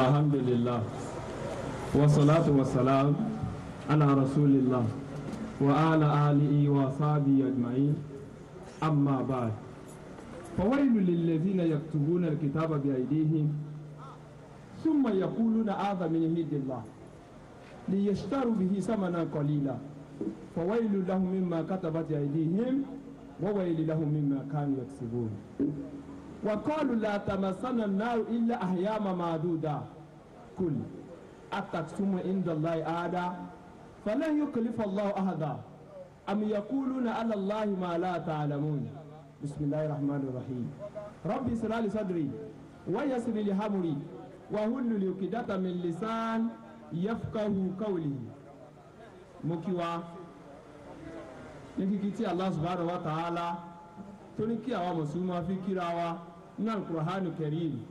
الحمد لله والصلاة والسلام على رسول الله وعلى آله وصحبه أجمعين أما بعد فويل للذين يكتبون الكتاب بأيديهم ثم يقولون هذا من عند الله ليشتروا به ثمنا قليلا فويل لهم مما كتبت أيديهم وويل لهم مما كانوا يكسبون وقالوا لا تمسنا النار إلا أحياما معدودة كل أتقسم عند الله آدا فلن يكلف الله أحدا أم يقولون على الله ما لا تعلمون بسم الله الرحمن الرحيم ربي اسرع لي صدري ويسر لي أمري واحلل عقدة من لسان يفقه قولي مكيوا ní kíkí tí Allah subhanahu wa ta'ala tó ní kí àwa mùsùlùmí fi kíra wa nínú alukurahanu karim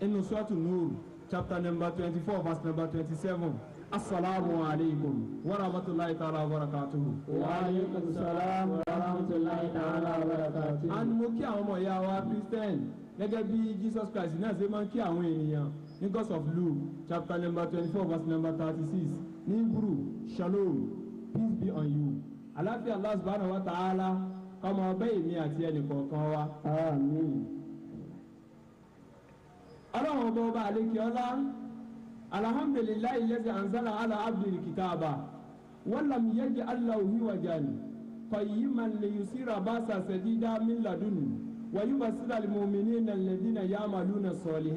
inú suratu nur chapter number twenty four verse number twenty seven asalaamu aleykum wa rahmatulahi taala wa barakatuhu. wa aleykum salaam wa taala wa barakatuhu. a ní mo kí àwọn ọmọ ìyá wa christian gẹ́gẹ́ bí jesus christ náà ṣe máa ń kí àwọn ènìyàn ní gospel of luke chapter number twenty four verse number thirty six ní hebrew shalom peace be on you. aláfíà allah subhanahu wa ta'ala kọ́mọ ọbẹ̀ èmi àti ẹnì kọ̀ọ̀kan wa. àmín ọlọ́run ọba ọba àlekè ọlá alhamdulilayi lẹ́sì anzala ala abdul kitaaba wàlám yẹ́jì aláwùmí wàjáni kọ̀yí màlẹ́yùsíra bá sàṣẹ̀dídá mílàdúnù wàyí basira lèmọ́mìnì nà lẹ́dínà yàmàlú nà sọ̀lì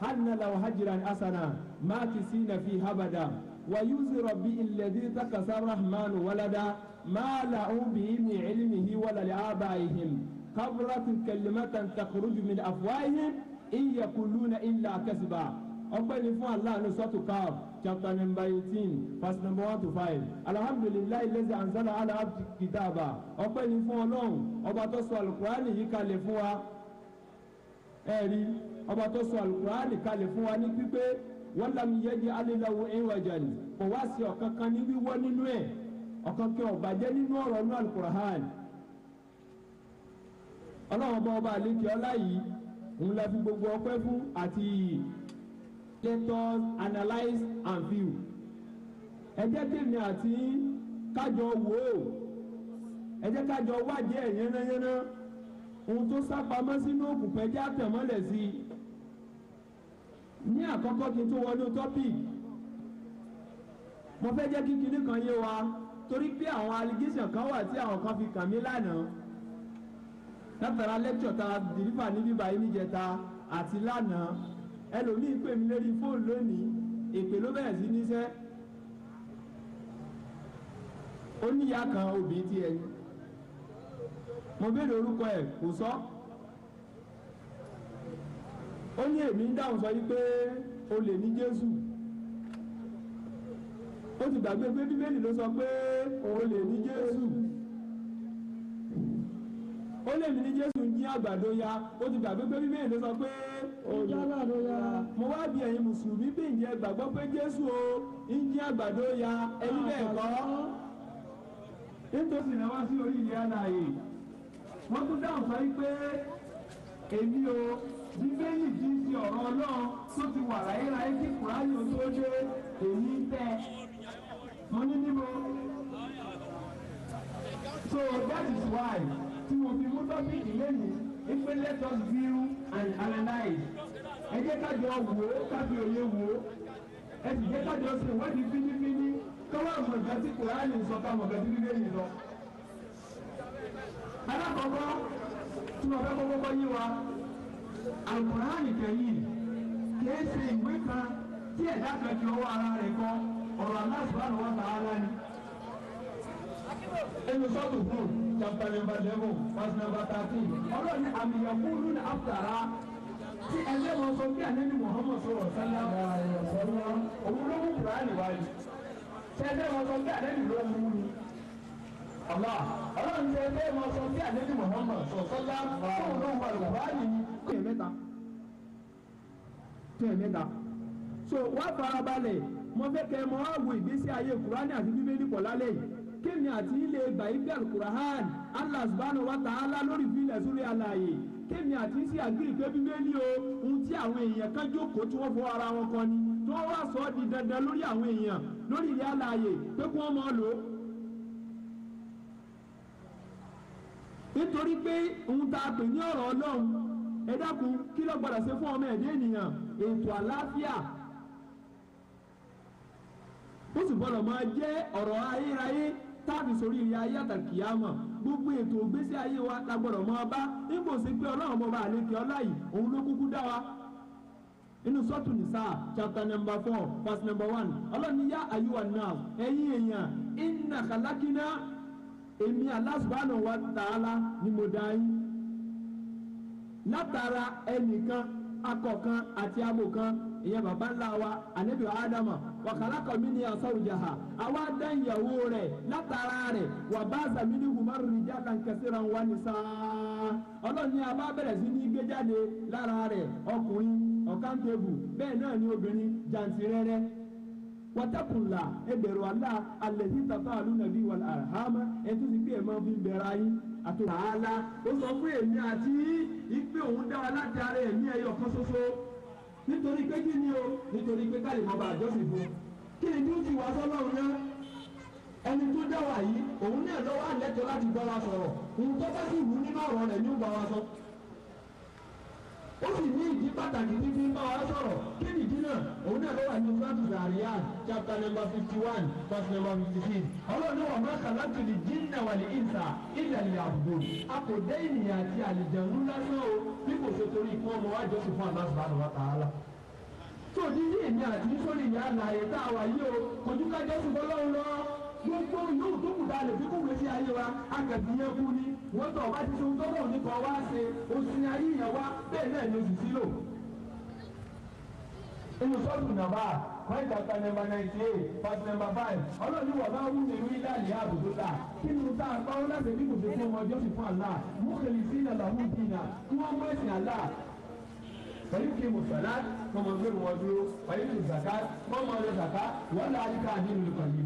hànà làwọn hajiran asana máàkì sí nàfi habada wàyí zirọ̀ bí ilẹ̀dí takasa rahman walada máàlà òbí mi ilmihi wàlàlẹ́ àbáyé him kabratu kalimatan takuruju min afuwáyé ìyẹ̀kùlúnà ìlà kẹsìbà ọpẹ́ ni fún Allah ní sọ́tù káf chapter number eighteen verse number one to five alhamdulilayi lẹ́sẹ̀ ansala ala abdi kitaaba ọpẹ́ ni fún ọlọ́run ọba tó sọ alukurani yìí kalẹ̀ fún wa ẹ̀rí ọba tó sọ alukurani kalẹ̀ fún wa ní pípé wọ́n lam yẹ́jẹ́ alilawo ìwàjàn kò wá sí ọ̀kan kan ní wíwọ́ nínú ẹ̀ ọ̀kan kí ọ̀bà jẹ́ nínú ọ̀rọ̀ nínú alukurani ọlọ́run ọba ọba àlekè ọlá yìí ń la fi gbogbo ọpẹ́ fún àti iyì status analyse and view ẹ jẹ́ tèmi àti kájọ wò ó ẹ jẹ́ kájọ wádìí ẹ̀ yánnayánná ohun tó sápamọ́ sínú òkùnkùn ẹ jẹ́ àtẹ̀mọ́lẹ̀ sí i ní àkọ́kọ́ kí n tó wọnú topic mo fẹ́ jẹ́ kí kinní kan yé wa torí pé àwọn allegation kan wà tí àwọn kan fi kàn mí lánàá látara lẹ́kṣọ̀ ta dìrífà ní bíbá yìí níjẹta àti lánàá ẹlòmíì pè mí lórí fóònù lónìí èpè ló bẹ̀rẹ̀ sí níṣẹ́ ó níyà kan obìnrin tí ẹni mo béèrè orúkọ ẹ̀ kò sọ ó ní èmi ń dáhùn sọ yìí o lè ní Jésù ó ti gbàgbé pé bíbélì ló sọ pé o lè ní Jésù ó lè mí ní jésù ń jí àgbàdo ya ó ti gbàgbé pé bíbélì ló sọ pé òòlù mo wá bí ẹ̀yin mùsùlùmí bí ǹjẹ́ gbàgbọ́ pé jésù o ń jí àgbàdo ya ẹni bẹ́ẹ̀ kọ́ nítorí náà wá sí orí ilé aláàyè wọ́n tún dáhùn sọ wípé èmi o bíbélì kì í ṣe ọ̀rọ̀ ọlọ́run tó ti wà láyéláyé kí kùráyò tó dé èmi tẹ́ mo ní níbo so that is why tí mo fi mú tọ́pìkì lẹ́nu wípé let us view and analyse ẹ jẹ́ ká jọ wò ó ká fi òye wò ó ẹ sì jẹ́ ká jọ ṣe ìwádìí fínífíní kọ́wọ́ àmọ̀ ìgbà tí Kùránì sọ ká mọ̀ ìgbà tí Bíbélì sọ. alákọ̀ọ́kọ́ tí mo fẹ́ kọ́kọ́ kọ́ yí wa Al-Kùránì Kẹ́rímù kìí ṣe ìwé kan tí ẹ̀dá kan ju ọwọ́ ara rẹ̀ kọ ọ̀rọ̀ Allah subhanahu wa ni. ẹnu sọ́tò fún un chapter number eleven verse number thirteen ọlọ́run ni àmì yàkúrú ní àfàrà tí ẹlẹ́wọ̀n sọ bí ànẹ́ni Muhammad sọ̀rọ̀ sálá òun ló mú kúránì wáyé tí ẹlẹ́wọ̀n sọ bí ànẹ́ni ló mú ni àmà ọlọ́run tí ẹlẹ́wọ̀n sọ bí ànẹ́ni Muhammad sọ̀rọ̀ sálá òun ló wà kúránì ni. tó mẹ́ta tó mẹ́ta so wá farabalẹ̀ mo mọ́ àwọ̀ ìgbésí ayé kúránì àti bíbélì pọ̀ lálẹ́ yìí kémi àti ilé bàyíbí alukurahan Allah subhanahu wa ta'ala lórí fílẹ̀ sórí àlàyé kémi àti sí àgírí pé bíbélì o ohun tí àwọn èèyàn kan jókòó tí wọ́n fọ ara wọn kọ ni tí wọ́n wá sọ ọ́ di dandan lórí àwọn èèyàn lórí ilé àlàyé pé kí wọ́n mọ̀ ọ́ lò ó. nítorí pé ohun tá a pè ní ọ̀rọ̀ ọlọ́run ẹ dákun kí ló gbọ́dọ̀ ṣe fún ọmọ ẹ̀dá ènìyàn ètò àlàáfíà ó sì gbọ́dọ̀ máa jẹ́ ọ̀rọ̀ ayérayé táàbì sórí ilé ayé àtàkìyàmọ̀ gbogbo ètò ògbésí ayé wa la gbọ́dọ̀ mọ ọba nígbò sí pé ọlọ́run bọba àlékè ọlá yìí òun ló kúkú dá wa inú sọ́ọ̀tù nìsá chapter number four verse number one ọlọ́run yá àyíwá náà ẹ̀yin èèyàn inna khalaqina èmi Allah subhanahu wa ta'ala ni mo dá yín látara ẹnìkan akọ̀ kan àti abo kan ìyẹn bàbá ńlá wa ànábì ádámà wa khalaqa minha zawjaha àwa dá ìyàwó rẹ̀ látara rẹ̀ wa ba'atha minhuma rijalan kathiran wa nisaa ọlọ́run ní a bá bẹ̀rẹ̀ sí ní gbé jáde lára rẹ̀ ọkùnrin ọ̀kántẹ́bù bẹ́ẹ̀ náà ni obìnrin jàǹtìrẹrẹ watakunla ẹbẹrù ala alẹsí tata alunabi wal arhama ẹtú sí pé ẹ máa fi bẹ̀rẹ̀ ayé àti. tààlà ó sọ fún èmi àti ipe òun dá láti ara ẹ̀mí ẹyọ kan ṣoṣo nítorí pé kí ni o nítorí pé káyọ̀ mọ́ bá àjọsìn fún kí ni tí ó ti wá sọ́lọ́run náà ẹni tó dá wà yìí òun náà lọ́wọ́ àlẹ́tọ̀ láti bá wa sọ̀rọ̀ nǹkan bá sì wù nínú ọ̀rọ̀ rẹ̀ ní ó bá wa sọ ó sì ní ìdí pàtàkì tí fi ń bá wa sọ̀rọ̀ kí nìdí náà òun náà ló wà ní sọ́ọ̀tù zaria chapter number fifty one verse number fifty six ọlọ́run wà má kàlákì ní jìnnà wà ní ìsà ilẹ̀ ilẹ̀ àbùkù a kò dé ènìyàn àti àlìjẹ̀rú lásán o bí kò ṣe torí ikú ọmọ wa jọ́sìn fún Allah subhanahu wa ta'ala tó dídí èmi àti sórí ìyá àlàyé tá a wà yí o kò ju ká jọ́sìn fọlọ́run lọ́ọ́ gbogbo yóò tó kù dá lè fi kú wèsì ayé wa agàbí yẹn kú ni wọ́n tọ̀ wá títí ohun tọ́lọ̀ nípa wá ṣe òsì ayé yẹn wá bẹ́ẹ̀ náà ni oṣù sílò. inú sọ́ọ̀tù nàbà kọ́ńtà chapter number ninety eight verse number five ọlọ́ọ̀ni wọ̀ bá wú nínú ilé àlè àbùdó ta kí ni tá a gbọ́ láti ní kò fi fún ọmọ ọjọ́ sì fún àlá mú kèlì sí ìlànà mú dìnnà kí wọ́n mú ẹ̀sìn àlá fẹ̀yìntì mùsàlá mọ̀mọ́ gbẹ̀rù wọn dúró fẹ̀yìntì zaka mọ̀mọ́ ọ̀rẹ́ zaka wọ́n lọ àyíká àdínú nìkan yìí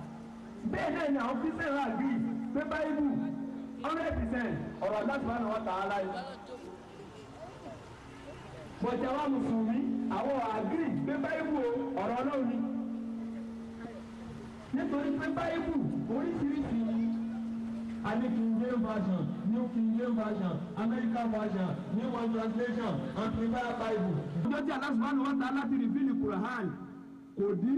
bẹ́ẹ̀ náà ni àwọn kristian náà gbì pé báyìbù hundred percent ọ̀rọ̀ aláṣẹ wa náà wà tà á láyé bọ̀dé wa mùsùlùmí àwọn àgírí pé báyìbù ọ̀rọ̀ ọlọ́run ni nítorí pé báyìbù oríṣiríṣi àní King version New King version American version New One Translation Amplified Bible. ọjọ́ tí aláṣẹ wa náà wà láti rìfìlì kùrán kò dín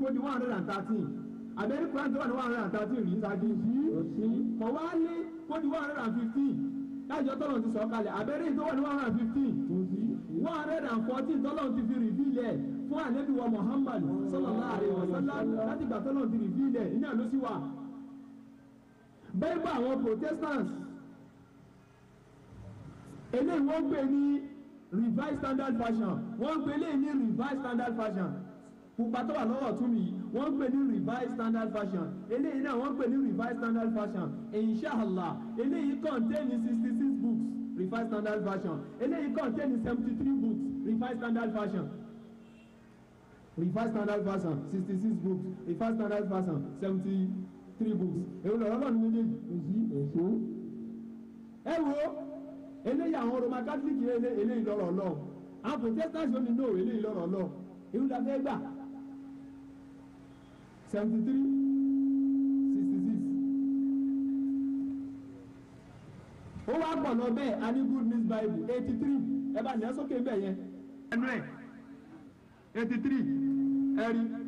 kó di one hundred and thirteen àbẹ́rí kúrán tó wà ní one hundred and thirteen ní ìsàkì yìí kò wá lé kó one hundred and fifteen láìjọ tọ́lọ̀ ti sọ̀ kalẹ̀ àbẹ́rẹ́ tó wà ní one hundred and fifteen one hundred and fourteen tọ́lọ̀ ti fi rìbílẹ̀ fún ànábì wa Muhammad sallallahu alaihi wasallam láti gbà tọ́lọ̀ ti rìbílẹ̀ iná ló sì wà. bẹ́ẹ̀ bá àwọn protestants eléyìí wọ́n gbé ní revised standard version wọ́n gbé eléyìí ní revised standard version pupa tó wà lọ́wọ́ tún mi yìí wọ́n ń pè ní revised standard version eléyìí náà wọ́n ń pè ní revised standard version inshallah eléyìí contain sixty six books revised standard version eléyìí contain seventy three books revised standard version revised standard version sixty six books revised standard version seventy three books èwo lọ́rọ́ lọ́nu méjèèjì. èyí èso. ẹ wo eléyìí àwọn Roman Catholic eléyìí lọ́rọ̀ lọ àwọn Protestants yóò ní no eléyìí lọ́rọ̀ lọ èyí ló dá fẹ́ gbà seventy three sixty six. ó wá pọ̀ lọ bẹ́ẹ̀ a ní good news bible eighty three ẹ bá ní ẹ sókè bẹ́ẹ̀ yẹn. ẹnu ẹ eighty three ẹ rí i.